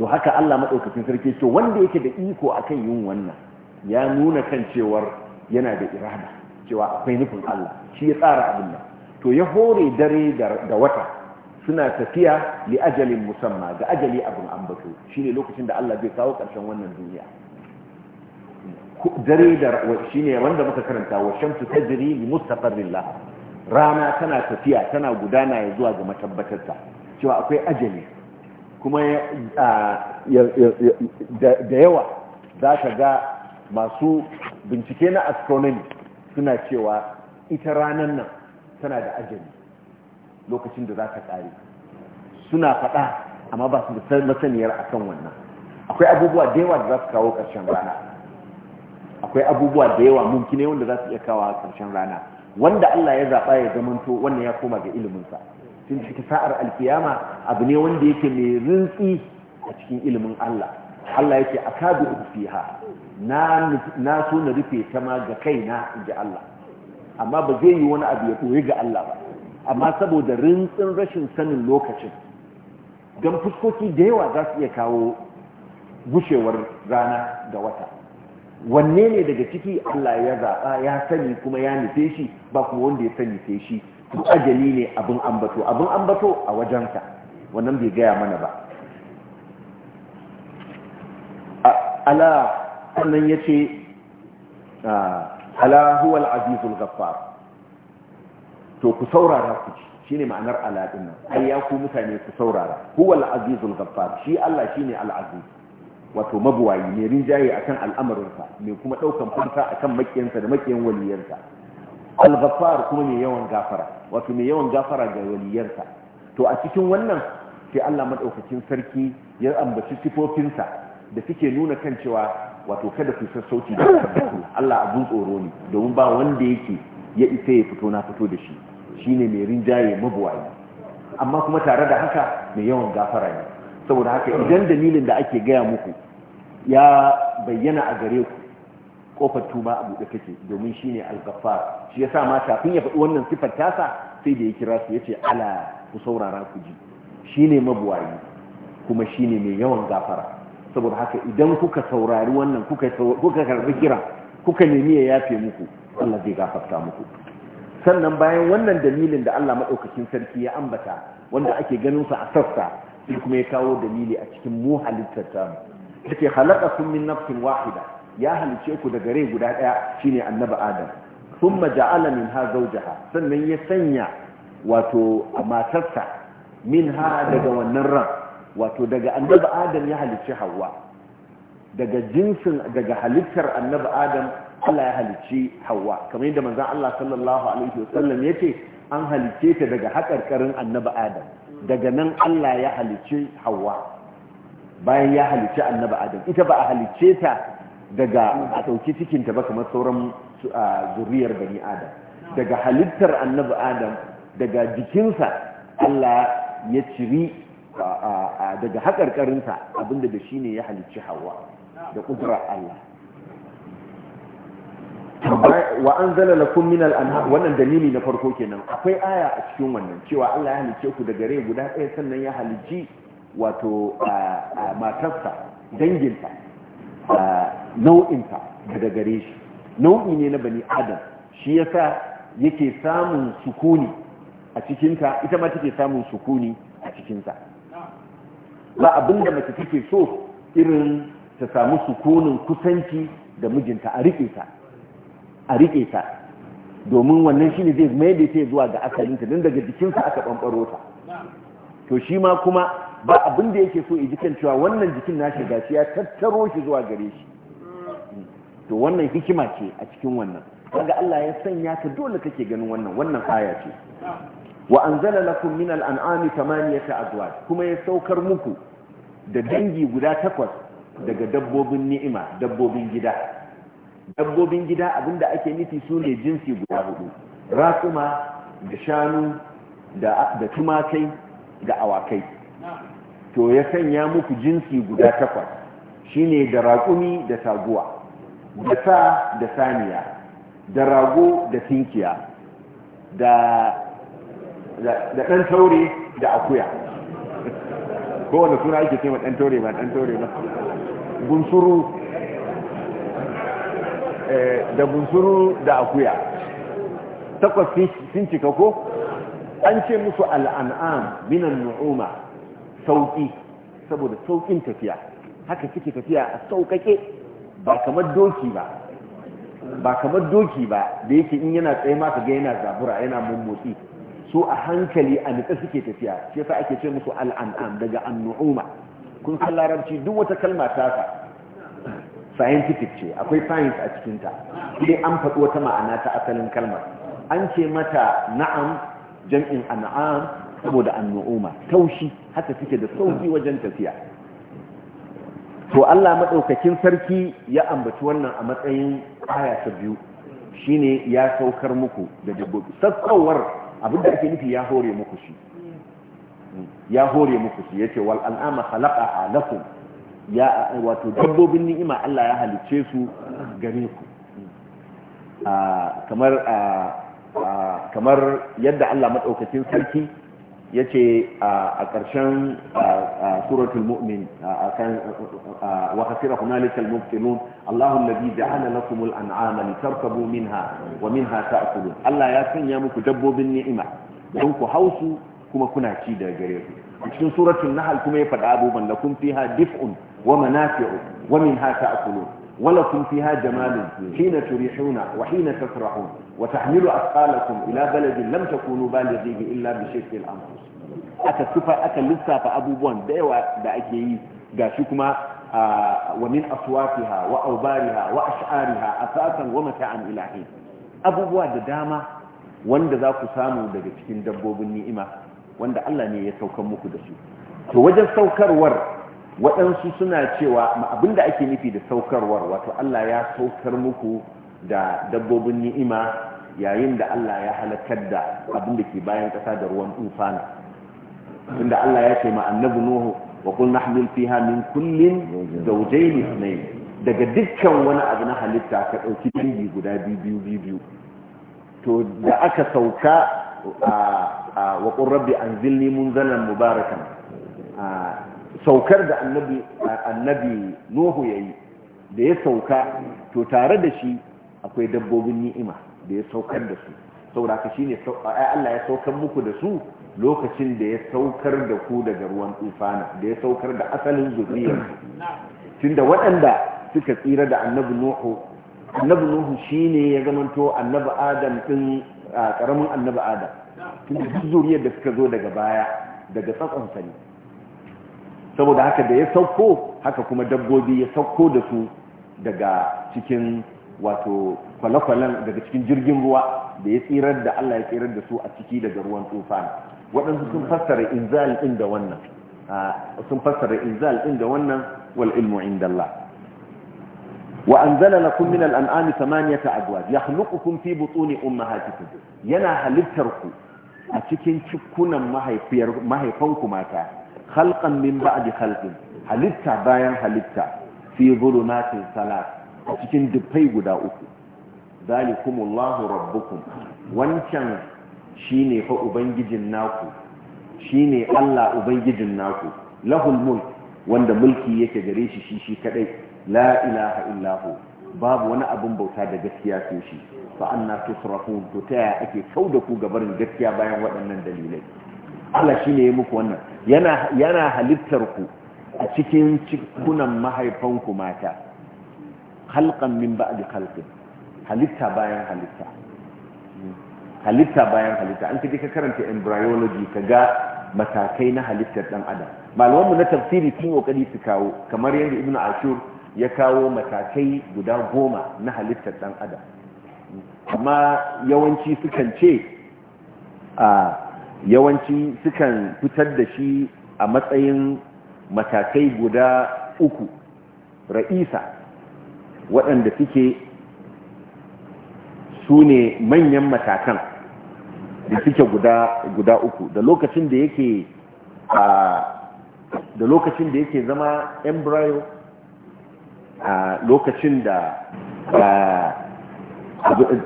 to haka Allah madaukakin sarki ce wanda yake da iko akan yin wannan ya nuna kan cewar yana da irada cewa akwai nufin Allah shi ya tsara abin nan to ya hore dare da wata suna tafiya li ajalin musamma ga ajali abin ambato shine lokacin da Allah zai kawo ƙarshen wannan duniya dare da ne wanda muka karanta wa shamsu tajri li mustaqarrin laha rana tana tafiya tana gudana ya zuwa ga matabbatarta cewa akwai ajali kuma da yawa za ka ga masu bincike na astronomy suna cewa ita ranar nan tana da ajali lokacin da za ta tsari, suna faɗa amma ba su da masaniyar akan wannan akwai abubuwa da yawa da za su kawo ƙarshen rana akwai abubuwa da yawa mumkinai wanda za su iya kawo ƙarshen rana wanda Allah ya zaɓa ya zamanto wannan ya koma ga iliminsa tun cikin sa'ar alkiyama abu ne wanda yake mai rintsi a cikin ilimin Allah Allah yake akabi fiha na na so na rufe ta ma ga kaina inji Allah amma ba zai yi wani abu ya koyi ga Allah ba amma saboda rintsin rashin sanin lokacin don fuskoki da yawa za su iya kawo gushewar rana da wata wanne ne daga ciki Allah ya zaɓa ya sani kuma ya nufe shi ba kuma wanda ya sani sai shi duk ajali ne abin ambato abin ambato a wajensa wannan bai gaya mana ba ala sannan ya ce ala huwal azizul gaffar to ku saurara ku ci shi ne ma'anar ala dinnan, nan ai ya ku mutane ku saurara huwal azizul gaffar shi Allah shi ne al'aziz wato mabuwayi mai rinjaye akan al'amarinsa mai kuma ɗaukan a akan makiyansa da makiyan waliyarsa, al kuma mai yawan gafara wato mai yawan gafara ga waliyarsa, to a cikin wannan sai Allah madaukakin sarki ya ambaci sifofinsa da suke nuna kan cewa wato kada ku sassauci da Allah Allah abun tsoro ne domin ba wanda yake ya isa ya fito na fito da shi shine mai rinjaye mabuwayi amma kuma tare da haka mai yawan gafara ne saboda haka idan dalilin da ake gaya muku ya bayyana a gare ku kofar tuba a buɗe take domin shine al-ghaffar shi yasa ma kafin ya faɗi wannan sifar tasa sai da ya kira su yace ala ku saurara ku ji shine mabuwayi kuma shine mai yawan gafara saboda haka idan kuka saurari wannan kuka karbi kira kuka nemi ya yafe muku Allah zai gafarta muku sannan bayan wannan dalilin da Allah maɗaukakin sarki ya ambata wanda ake ganin sa a sassa sai kuma ya kawo dalili a cikin mu halittar samu yace khalaqakum min nafsin wahida ya halice ku daga rai guda ɗaya shine annabi adam thumma ja'ala minha zawjaha sannan ya sanya wato matarsa minha daga wannan ran wato daga annabi adam ya halicci hawa daga jinsin daga halittar annabi adam Allah ya halicci hawa kamar yadda manzon Allah sallallahu alaihi wasallam yace an halicce ta daga hakarkarin annabi adam daga nan Allah ya halicci hawa bayan ya halicci annabi adam ita ba a halicce ta daga a ɗauki cikinta ba kamar sauran zuriyar bani adam daga halittar annabi adam daga jikinsa allah ya ciri daga haƙarƙarinta abinda da shi ne ya halicci hawa da ƙudura Allah wa an zala lakum min al wannan dalili na farko kenan akwai aya a cikin wannan cewa Allah ya halicce ku daga rai guda ɗaya sannan ya halicci wato matarsa danginta nau'inta daga gare shi nau'i ne na bani adam shi yasa yake samun sukuni a cikinta ita ma take samun sukuni a cikinta ba abin da mace take so irin ta samu sukunin kusanci da mijinta a riƙe ta a riƙe ta domin wannan shi ne zai mai da ta zuwa ga asalinta don daga jikinsa aka ɓanɓaro ta to shi ma kuma ba abin da yake so ji kan cewa wannan jikin nashi gashi ya tattaro shi zuwa gare shi to wannan hikima ce a cikin wannan kaga Allah ya sanya ka dole kake ganin wannan wannan aya ce wa anzala lakum min al'an'ami ta azwaj kuma ya saukar muku da dangi guda takwas daga dabbobin ni'ima dabbobin gida dabbobin gida abinda ake nufi su ne jinsi guda hudu raƙuma da shanu da tumakai da awakai to ya sanya muku jinsi guda takwas shine da raƙumi da taguwa da sa da saniya da rago da tinkiya da da ɗan taure da akuya kowane suna ake ce ma ɗan taure ba ɗan taure ba bunsuru eh, da bunsuru da akuya takwas sun cika ko an ce musu al'an'an minan nu'uma sauƙi saboda sauƙin tafiya haka suke tafiya a sauƙaƙe ba kamar doki ba ba kamar doki ba da yake in yana tsaye maka ga yana zabura yana mummotsi su a hankali a nitsa suke tafiya shi yasa ake ce musu al'an'am daga annu'uma kun san larabci duk wata kalma ta ka scientific ce akwai science a cikin ta sai an faɗi wata ma'ana ta asalin kalmar an ce mata na'am jam'in an'am saboda annu'uma taushi haka suke da sauki wajen tafiya to Allah madaukakin sarki ya ambaci wannan a matsayin aya ta biyu shine ya saukar muku da dabbobi sassauwar abinda ake nufi ya hore muku shi ya hore muku shi yace wal an'ama khalaqa alakum ya wato dabbobin ni'ima Allah ya halice su gare ku ah, kamar ah, ah, kamar yadda Allah madaukakin sarki ya ce a ƙarshen suratul mu'min a kan wa kasira hunalikal mubtilun Allahu allazi ja'ala lakum al-an'ama litarkabu ha wa minha ta'kulun Allah ya sanya muku dabbobin ni'ima don ku hausu kuma kuna ci da gare ku cikin suratul nahal kuma ya faɗa abubuwan lakum fiha dif'un wa manafi'u wa minha ta'kulun ولكم فيها جمال حين تريحون وحين تفرحون وتحمل أثقالكم إلى بلد لم تكونوا بالغيه إلا بشق الأنفس aka tufa aka lissafa abubuwan da yawa da ake yi gashi kuma wa min aswatiha wa aubariha wa ash'ariha asasan wa mata'an ilahi abubuwa da dama wanda za ku samu daga cikin dabbobin ni'ima wanda Allah ne ya saukar muku da su to wajen saukarwar waɗansu suna cewa abinda ake nufi da saukarwar wato Allah ya saukar muku da dabbobin ni'ima yayin da Allah ya halakar da abinda ke bayan ƙasa da ruwan tufana inda Allah ya ce ma annabi Nuhu wa qul nahmil fiha min kullin zawjayn ithnayn daga dukkan wani abu na halitta ka dauki dangi guda biyu biyu to da aka sauka a wa qur rabbi anzilni munzalan mubarakan saukar da annabi nuhu ya yi da ya sauka to tare da shi akwai dabbobin ni'ima da ya saukar da su saboda ka shine Allah ya saukar muku da su lokacin da ya saukar da ku daga ruwan tsufana da ya saukar da asalin tun tunda waɗanda suka tsira da annabi nuhu annabi nuhu shine ya zamanto annabi adam din karamin annabi adam tunda duk zuriyar da suka zo daga baya daga tsakon sani saboda haka da ya sauko haka kuma dabbobi ya sauko da su daga cikin wato kwale-kwalen daga cikin jirgin ruwa da ya tsirar da Allah ya tsirar da su a ciki daga ruwan tufani waɗansu sun fassara inzal ɗin da wannan sun fassara inzal ɗin da wannan wal ilmu inda Allah wa anzala lakum min ta anami ya azwaj kun fi ne butuni mahaifinku yana halittar ku a cikin cikunan mahaifanku mata khalqan min ba'di khalqin halitta bayan halitta fi zulumatin salat a cikin dubbai guda uku zalikumullahu rabbukum wancan shine fa ubangijin naku shine Allah ubangijin naku lahul mulk wanda mulki yake gare shi shi shi kadai la ilaha illahu babu wani abin bauta da gaskiya sai shi fa anna tusrafun to ta ake da ku gabarin gaskiya bayan waɗannan dalilai Allah shi ne ya muku wannan yana halittar ku a cikin cikunan mahaifanku mata halkan min ji halkin halitta bayan halitta halitta bayan halitta an kaje ka karanta embryology ka ga matakai na halittar ɗan adam malamanmu na tafsiri sun kokari su kawo kamar yadda ibnu ashur ya kawo matakai guda goma na halittar ɗan adam amma yawanci sukan ce a yawanci sukan fitar da shi a matsayin matakai guda uku ra'isa waɗanda suke su ne manyan matakan da suke guda uku da lokacin da yake da lokacin da yake zama embryo a lokacin da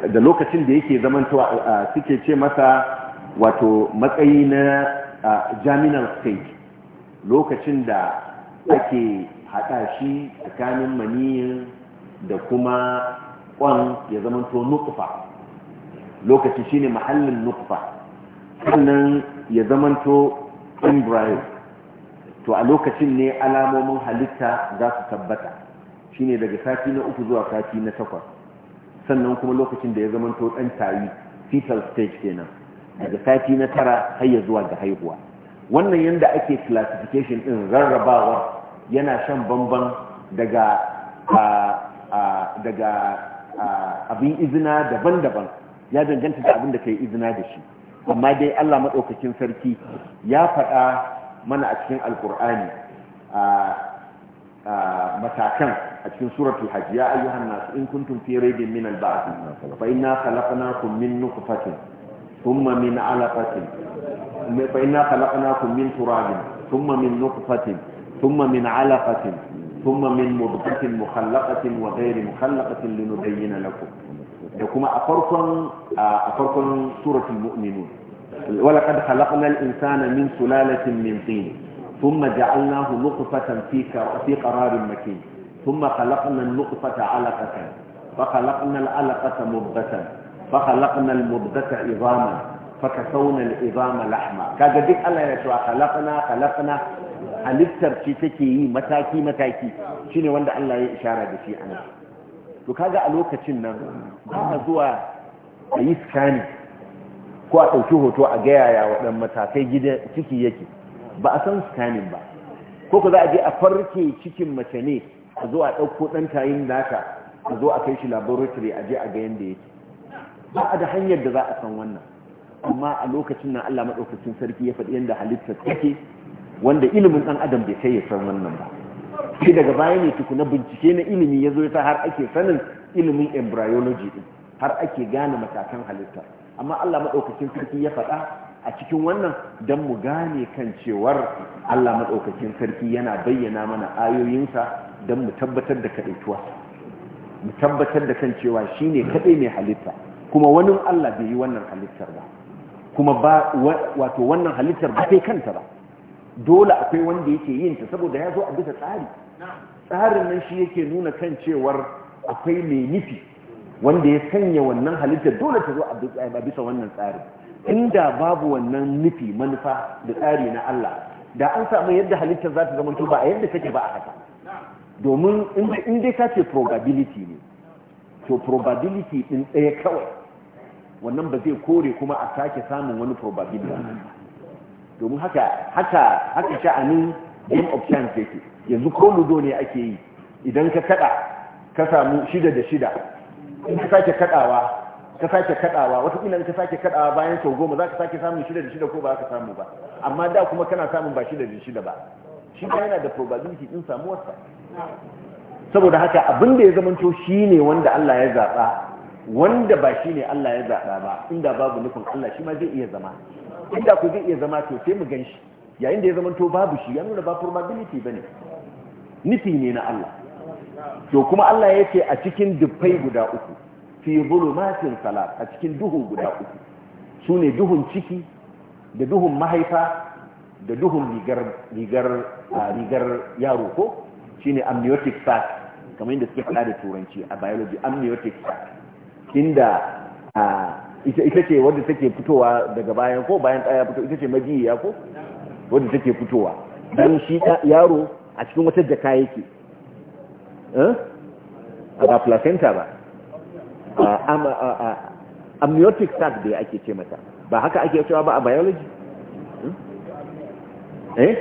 da lokacin da yake zamantowa suke ce masa wato matsayi na jaminal state lokacin da ake haɗa shi tsakanin maniyin da kuma kwan ya zamanto lokacin lokaci ne mahallin nukufa sannan ya zamanto embryo to a lokacin ne alamomin halitta za su tabbata shi ne daga sati na uku zuwa sati na takwas sannan kuma lokacin da ya zamanto ɗan tayi fetal stage kenan daga sati na tara har ya zuwa ga haihuwa wannan yanda ake classification din rarrabawa yana shan bamban daga daga abin izina daban-daban ya danganta da abin da yi izina da shi amma dai Allah maɗaukakin sarki ya faɗa mana a cikin alkur'ani matakan a cikin suratul hajiya ya ayyuhan nasu in kuntum fi raibin min al-ba'th fa inna khalaqnakum min nutfatin ثم من علقة فإنا خلقناكم من تراب ثم من نطفة ثم من علقة ثم من مضغة مخلقة وغير مخلقة لنبين لكم يكما أفركم أفركم سورة المؤمنون ولقد خلقنا الإنسان من سلالة من طين ثم جعلناه نطفة في قرار مكين ثم خلقنا النطفة علقة فخلقنا العلقة مضغة فخلقنا المضغة عظاما فكسونا العظام لحما كذا ديك الله يا شو خلقنا خلقنا halittar ce take yi mataki-mataki shi ne wanda Allah ya ishara da shi ana to kaga a lokacin nan ba a zuwa a yi skani ko a ɗauki hoto a gayaya yaya waɗannan matakai gida ciki yake ba a san scanning ba ko ku za a je a farke cikin mace ne a zo a ɗauko ɗan tayin nata a zo a kai shi laboratory a je a ga yanda yake ba a da hanyar da za a san wannan amma a lokacin nan Allah maɗaukacin sarki ya faɗi yadda halittar take wanda ilimin ɗan adam bai kai ya san wannan ba sai daga baya ne tukuna bincike na ilimi ya zo ta har ake sanin ilimin embryology din har ake gane matakan halitta amma Allah maɗaukacin sarki ya faɗa a cikin wannan don mu gane kan cewar Allah maɗaukacin sarki yana bayyana mana ayoyinsa don mu tabbatar da kaɗaituwa mu tabbatar da kan cewa shine kaɗai mai halitta kuma wani Allah bai yi wannan halittar ba kuma ba wato wannan halittar ba sai kanta ba dole akwai wanda yake yin ta saboda ya zo a bisa tsari tsarin nan shi yake nuna kan cewar akwai mai nufi wanda ya sanya wannan halittar dole ta zo a bisa wannan tsari. inda babu wannan nufi manufa da tsari na Allah da an samu yadda halittar za ta zama ba a yadda take ba a haka domin in dai ka ce probability ne to probability din ɗaya kawai wannan ba zai kore kuma a sake samun wani probability domin haka haka haka sha'anin game of chance yake yanzu ko ludo ne ake yi idan ka kada ka samu shida da shida in ka sake kadawa ka sake kadawa watakila in ka sake kadawa bayan sau goma za ka sake samun shida da shida ko ba ka samu ba amma da kuma kana samun ba shida da shida ba shi yana da probability din samuwarsa saboda haka abin da ya zamanto ne wanda Allah ya zaba wanda ba shi ne Allah ya zaba ba inda babu nufin Allah shi ma zai iya zama inda ku zai iya zama to sai mu ganshi yayin da ya zamanto babu shi ya nuna ba probability bane nufi ne na Allah to kuma Allah ya ce a cikin dufai guda uku fi zulumatin salat a cikin duhu guda uku sune duhun ciki da duhun mahaifa da duhun rigar rigar rigar yaro ko shine amniotic sac kamar yadda suke faɗa da turanci a biology amniotic inda ita ce wadda take fitowa daga bayan ko bayan ɗaya fito ita ce majiyya ko wadda take fitowa dan shi yaro a cikin wata jaka yake ada eh? placenta ba amniotic sac da ake ce mata ba haka ake cewa ba a biology hmm? eh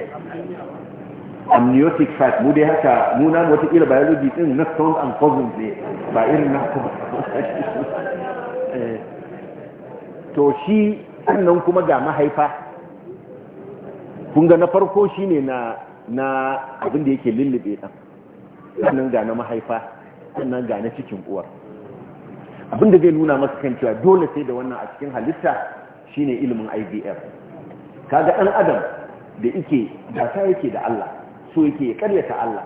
amniotic fat mu dai haka mu nan watakila biology din na stones and cousins ne ba irin na <laughs> eh. to shi sannan kuma ga mahaifa kun ga na farko shine na na abin da yake lullube ɗan sannan ga na mahaifa sannan ga na cikin uwar abin da zai nuna masa kan cewa dole sai da wannan a cikin halitta shine ilimin IVF kaga ɗan adam da yake gasa yake da Allah so yake karyata Allah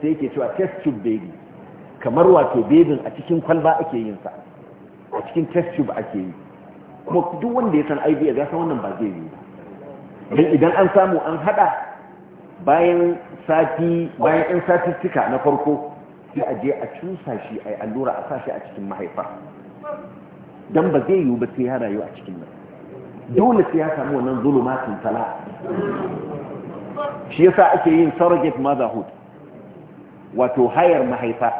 sai yake cewa test tube baby kamar wato bebin a cikin kwalba ake yin sa a cikin test tube ake yi kuma duk wanda ya san IVF ya san wannan ba zai yi ba idan an samu an hada bayan sati bayan ɗan satistika na farko sai a je a cusa shi a allura a sashi a cikin mahaifa don ba zai yiwu ba sai ya rayu a cikin nan dole sai ya samu wannan zulumatin tala shi yasa ake yin surrogate motherhood wato hayar mahaifa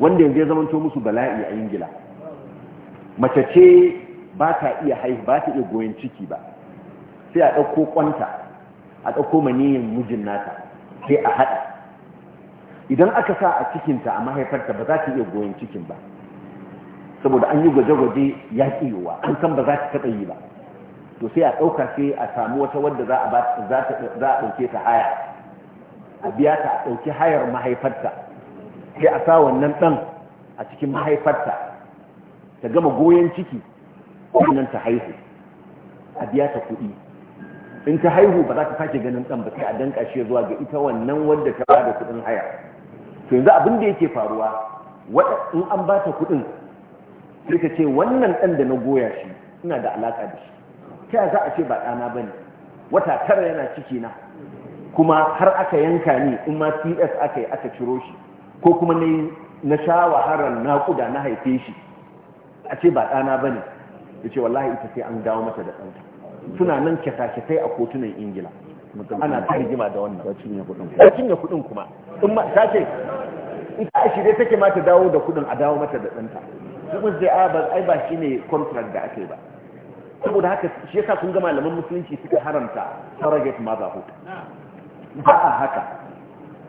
wanda yanzu ya zamanto musu bala'i a ingila mace ce ba ta iya haihu ba ta iya goyon ciki ba sai a ɗauko kwanta a ɗauko maniyin mijin nata sai a haɗa idan aka sa a cikinta a mahaifarta ba za ta iya goyon cikin ba saboda an yi gwaje-gwaje ya yiwuwa an san ba za ta taɓa yi ba to sai a ɗauka sai a samu wata wadda za a ɗauke ta haya a biya ta a ɗauki hayar mahaifarta sai a sa wannan ɗan a cikin mahaifarta ta gama goyon ciki wannan ta haihu a biya ta kuɗi in ta haihu ba za ta sake ganin ɗan ba sai a danka shi zuwa ga ita wannan wadda ta ba da kuɗin haya to yanzu abin da yake faruwa in an ba ta kuɗin sai ta ce wannan ɗan da na goya shi ina da alaƙa da shi ta za a ce ba ɗana ba ne wata tara yana ciki na kuma har aka yanka ni in ma cs aka yi aka ciro shi ko kuma na sha wahalar naƙuda na haife shi a ce ba ɗana ba ne ya ce wallahi ita sai an dawo mata da ɗanta suna nan kyata a kotunan ingila ana ta rigima da wannan ya cinye kuɗin kuma in ma ta ce in ta shirye take ma ta dawo da kuɗin a dawo mata da ɗanta kuma sai ah, a ba shi ne contract da ake ba saboda haka shi yasa kun ga malaman musulunci suka haramta surrogate motherhood ba a haka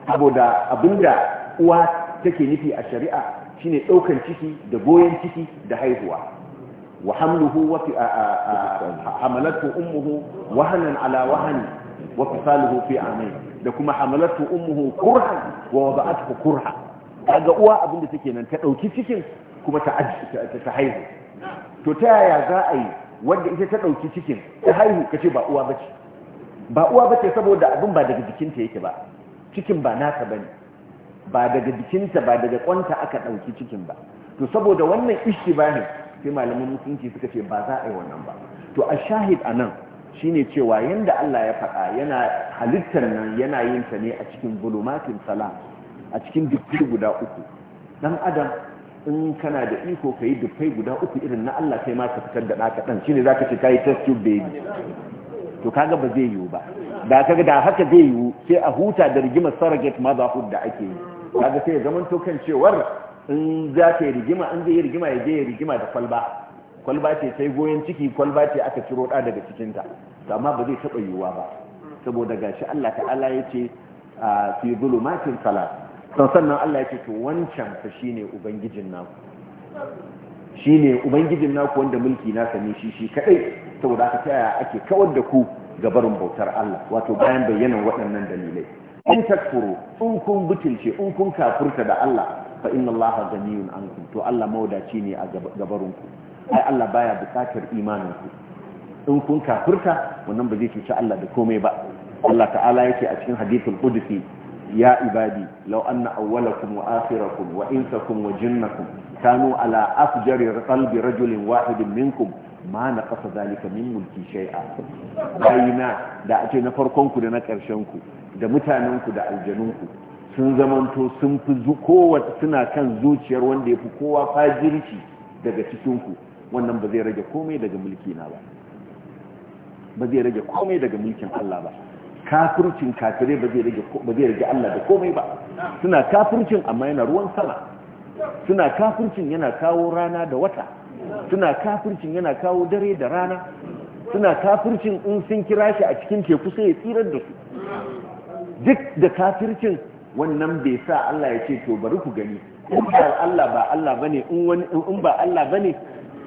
saboda abinda uwa take nufi a shari'a shine daukan ciki da goyen ciki da haihuwa wa hamluhu wa hamalatu ummuhu wahanan ala wahani wa fisaluhu fi amain da kuma hamalatu ummuhu kurha wa wada'atuhu kurha kaga uwa abinda take nan ta dauki cikin kuma ta ta haihu to ta yaya za a yi wadda ita ta ɗauki cikin ta haihu ka ce ba uwa bace ba uwa bace saboda abin ba daga jikinta yake ba cikin ba naka bane ba daga jikinta ba daga kwanta aka ɗauki cikin ba to saboda wannan ne, sai malaman musulunci suka ce ba za a yi wannan ba to a shahid a shine cewa yanda Allah ya faɗa yana halittar nan yana yin ta ne a cikin zulumatin sala a cikin dukkan guda uku dan adam in kana da iko ka yi dufai guda uku irin na Allah sai ma ka fitar da shi dan za ka ce kai test tube baby to kaga ba zai yiwu ba da kaga da haka zai yiwu sai a huta da rigimar surrogate ku da ake yi kaga sai ya to kan cewar in za ka yi rigima an zai yi rigima ya je ya rigima da kwalba kwalba ce sai goyon ciki kwalba ce aka ciro da daga cikinta to amma ba zai taɓa yiwuwa ba saboda gashi Allah ta'ala ya ce ah, fi zulumatin salat to sannan Allah yake to wancan fa shine ubangijin naku shine ubangijin naku wanda mulki na sani shi shi kadai saboda haka ta yaya ake kawar da ku ga barin bautar Allah wato bayan bayyanan waɗannan dalilai in takfuru in kun butulce in kun kafurta da Allah fa inna Allah ganiyun ankum to Allah mawdaci ne a gabarun ku ai Allah baya bukatar imanin ku in kun kafurta wannan ba zai cuci Allah da komai ba Allah ta'ala yake a cikin hadithul qudsi يا عبادي لو أن أولكم وآخركم وإنسكم وجنكم كانوا على أفجر قلب رجل واحد منكم ما نقص ذلك من ملكي شيئا bayina da a ce na farkonku da na ku da ku da aljanunku sun zamanto sun fi kowace suna kan zuciyar wanda ya fi kowa fajirci daga cikinku wannan ba zai rage komai daga mulki na ba ba zai rage komai daga mulkin Allah ba kafircin kafire ba zai rage Allah da komai ba suna kafircin amma yana ruwan sama suna kafircin yana kawo rana da wata suna kafircin yana kawo dare da rana suna kafircin in sun kira shi a cikin teku sai ya tsirar da su duk da kafircin wannan bai sa Allah ya ce to bari ku gani in ba Allah ba Allah bane in ba Allah bane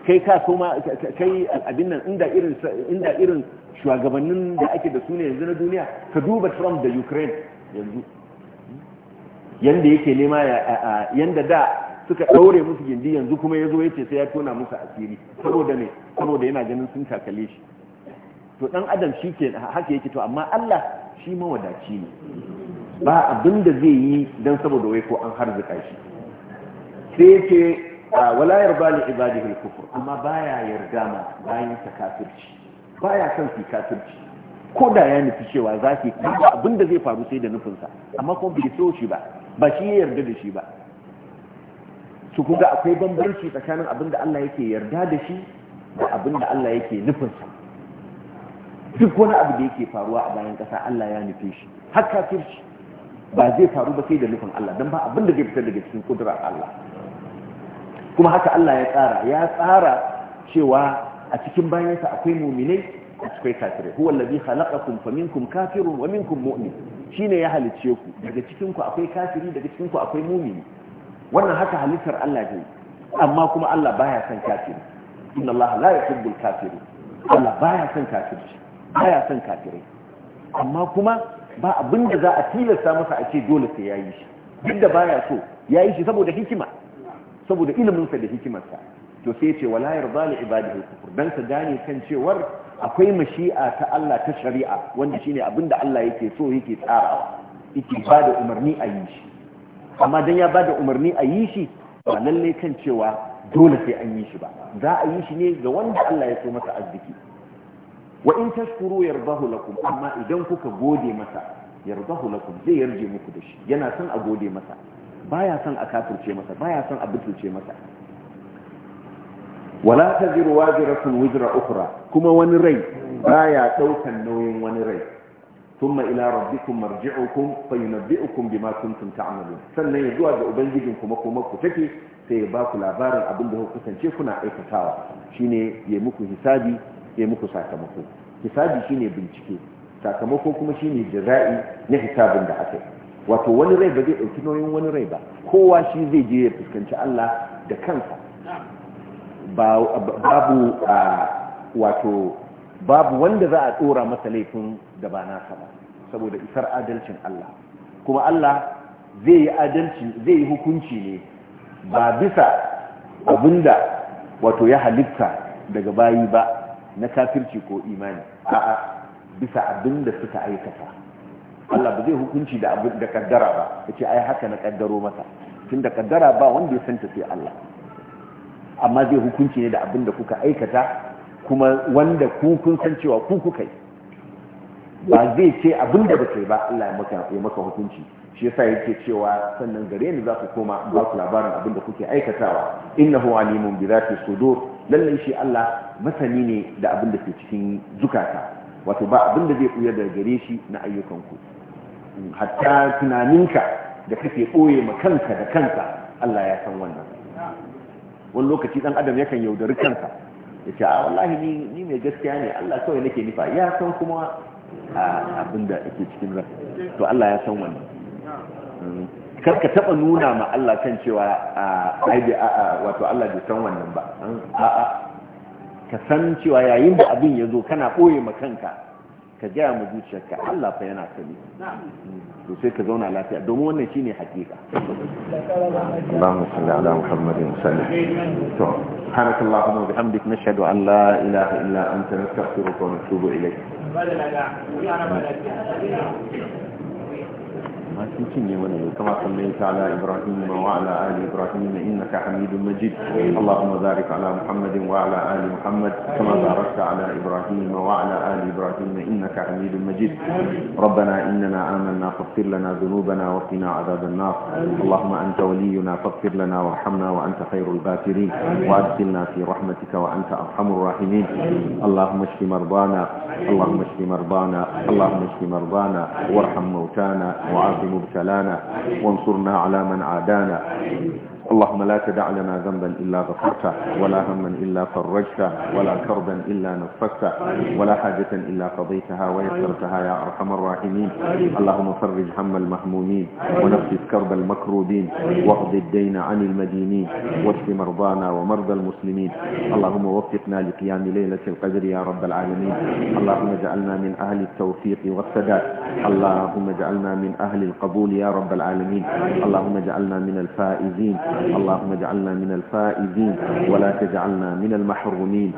kai ka so ma kai abin nan inda irin inda irin shugabannin da ake da su ne yanzu na duniya ka duba Trump da Ukraine yanzu yanda yake nema yanda da suka daure musu gindi yanzu kuma yazo yace sai ya tona musu asiri saboda ne saboda yana ganin sun takale shi to dan adam shi ke haka yake to amma Allah shi mawadaci ne ba abin da zai yi dan saboda wai ko an harzuka shi sai yake wala yarda li ibadihi al-kufr amma baya yarda ma bayin ta kafirci baya son su kafirci ko da ya nufi cewa za su yi abin zai faru sai da nufinsa amma kuma bai so shi ba ba shi ya yarda da shi ba su kuga akwai bambanci tsakanin abinda Allah yake yarda da shi da abinda Allah yake nufinsa duk wani abu da yake faruwa a bayan ƙasa Allah ya nufi shi har kafirci ba zai faru ba sai da nufin Allah don ba abinda zai fitar daga cikin kudurar Allah kuma haka Allah ya tsara ya tsara cewa a cikin bayansa akwai muminai a cikin kafirai huwa allazi khalaqakum faminkum kafirun wa minkum mu'min shine ya halice ku daga cikin ku akwai kafiri daga cikin ku akwai mumini wannan haka halittar Allah ne amma kuma Allah baya son kafiri inna Allah la yuhibbul kafirin Allah baya son kafirci baya son kafirai amma kuma ba abinda da za a tilasta masa a ce dole sai yayi shi duk da baya so yayi shi saboda hikima saboda iliminsa da hikimarsa to sai ce wala yarda li ibadihi kufur dan ka gane kan cewar akwai mashi'a ta Allah ta shari'a wanda shine abinda Allah yake so yake tsarawa yake bada umarni a yi shi amma dan ya bada umarni a yi shi ba lalle kan cewa dole sai an yi shi ba za a yi shi ne ga wanda Allah ya so masa arziki wa in tashkuru yardahu lakum amma idan kuka gode masa yardahu lakum zai yarje muku da shi yana son a gode masa baya son a kafirce masa baya son a butulce masa wala taziru wajiratun wizra ukhra kuma wani rai baya daukan nauyin wani rai thumma ila rabbikum marji'ukum yunabbi'ukum bima kuntum ta'malun sannan ya zuwa ga ubangijin kuma kuma ku take sai ya ba ku labarin abin da kuka kasance kuna aikatawa shine ya muku hisabi ya muku sakamako hisabi shine bincike sakamako kuma shine jira'i na hisabin da aka wato wani rai ba zai ɗauki nauyin wani rai ba kowa shi zai je ya fuskanci Allah da kansa babu wato babu wanda za a tsora masa laifin da ba nasa ba saboda isar adalcin Allah kuma Allah zai yi adalci zai yi hukunci ne ba bisa abinda wato ya halitta daga bayi ba na kafirci ko imani a'a bisa abinda suka aikata Allah ba zai hukunci da abu da kaddara ba yace ai haka na kaddaro masa tunda kaddara ba wanda ya santa sai Allah amma zai hukunci ne da abin da kuka aikata kuma wanda ku kun san cewa ku kuka yi ba zai ce abin da bace ba Allah ya maka ya maka hukunci shi yasa yake cewa sannan gare ni za ku koma ba ku labarin abin da kuke aikatawa innahu alimun bi zati sudur lallai shi Allah masani ne da abin da ke cikin zukata wato ba abin da zai buya daga gare shi na ayyukanku hatta tunaninka da kake ɓoye ma kanka da kanka Allah ya san wannan wani lokaci ɗan adam yakan yaudari kansa ya ce a ah, wallahi ni mai gaskiya ne Allah kawai nake nufa ya san kuma abin da yake cikin ran to Allah ya san wannan kar ka taba nuna ma Allah kan cewa a wato Allah bai san wannan ba a'a ka san cewa yayin da abin ya zo kana ɓoye ma kanka ka gaya ma zuciyarka Allah fa yana sani to sai ka zauna lafiya domin wannan shine hakika Allahumma salli ala Muhammadin sallallahu alaihi to ما تنتني كما صليت على إبراهيم وعلى آل إبراهيم إنك حميد مجيد اللهم بارك على محمد وعلى آل محمد كما باركت على إبراهيم وعلى آل إبراهيم إنك حميد مجيد ربنا إننا آمنا فاغفر لنا ذنوبنا وقنا عذاب النار اللهم أنت ولينا فاغفر لنا وارحمنا وأنت خير الباكرين وأدخلنا في رحمتك وأنت أرحم الراحمين اللهم اشف مرضانا اللهم اشف مرضانا اللهم اشف مرضانا وارحم موتانا وعافنا مبتلانا وانصرنا على من عادانا اللهم لا تدع لنا ذنبا إلا غفرته ولا هما إلا فرجته ولا كربا إلا نفسته ولا حاجة إلا قضيتها ويسرتها يا أرحم الراحمين اللهم فرج هم المهمومين ونفس كرب المكروبين واقض الدين عن المدينين واشف مرضانا ومرضى المسلمين اللهم وفقنا لقيام ليلة القدر يا رب العالمين اللهم اجعلنا من أهل التوفيق والسداد اللهم اجعلنا من أهل القبول يا رب العالمين اللهم اجعلنا من الفائزين اللهم اجعلنا من الفائزين ولا تجعلنا من المحرومين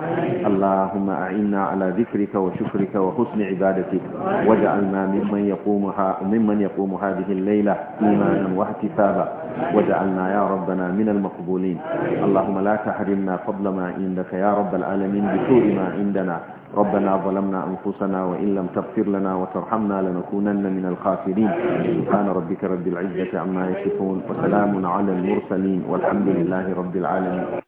اللهم أعنا على ذكرك وشكرك وحسن عبادتك واجعلنا ممن يقومها ممن يقوم هذه الليلة إيمانا واحتسابا واجعلنا يا ربنا من المقبولين اللهم لا تحرمنا فضل ما عندك يا رب العالمين بسوء ما عندنا ربنا ظلمنا أنفسنا وإن لم تغفر لنا وترحمنا لنكونن من الخاسرين سبحان ربك رب العزة عما يصفون وسلام على المرسلين والحمد لله رب العالمين